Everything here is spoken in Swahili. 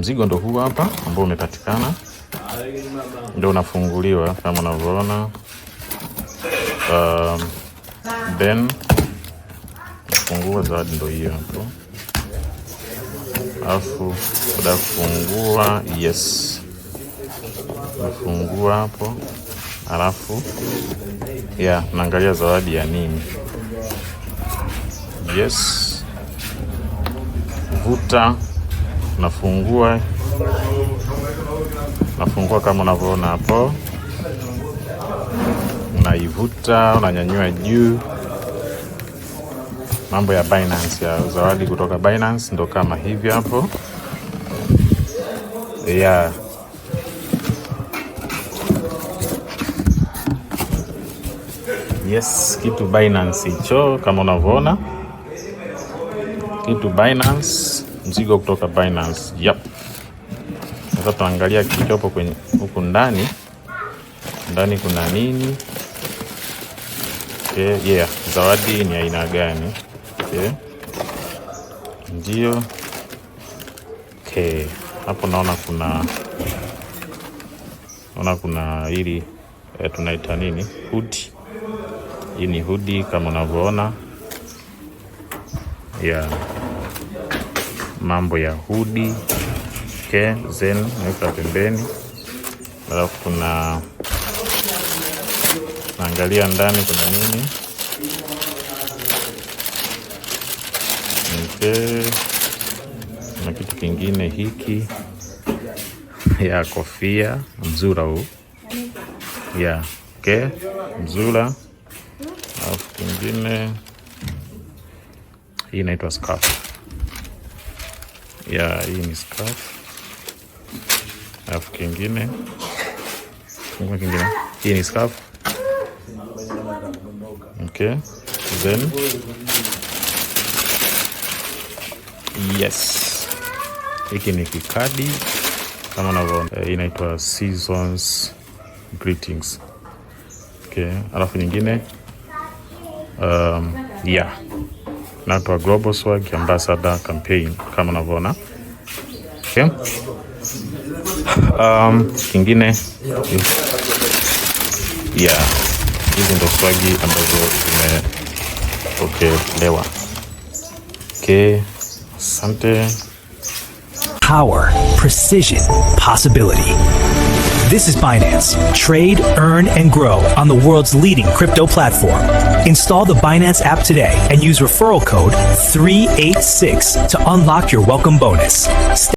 Mzigo ndo huu hapa ambao umepatikana, ndo unafunguliwa kama unavyoona. Um, then nafungua, zawadi ndo hiyo hapo, alafu baada kufungua, yes, nafungua hapo, alafu yeah, naangalia zawadi ya nini. Yes, vuta Nafungua, nafungua kama unavyoona hapo, unaivuta unanyanyua juu. Mambo ya Binance ya zawadi kutoka Binance ndo kama hivyo hapo yeah. Yes, kitu Binance hicho kama unavyoona kitu Binance mzigo kutoka Binance. Yep. Sasa tuangalia kilichopo kwenye huku ndani. Ndani kuna nini? Okay, yeah. Zawadi ni aina gani? Okay. Ndio. Okay. Hapo naona kuna naona kuna hili eh, tunaita nini? Hoodie. Hii ni hoodie kama unavyoona. Yeah mambo ya hudi okay, zen naweka pembeni, alafu kuna naangalia ndani kuna nini okay. Kuna kitu kingine hiki ya kofia mzura huu ya yeah. Okay, mzura alafu kingine hii inaitwa scarf ya hii ni scarf. Alafu kingine kingine, kingine, hii ni scarf. Okay. Then yes, hiki ni kikadi kama unavyoona, eh, inaitwa seasons greetings. Okay, alafu nyingine um, yeah inaitwa Global Swag Ambassador Campaign kama unavyoona. Okay. Um, kingine yeah, hizi ndo swagi ambazo zimepokelewa. Okay, asante. Power, precision, possibility. This is Binance. Trade, earn, and grow on the world's leading crypto platform. Install the Binance app today and use referral code 386 to unlock your welcome bonus.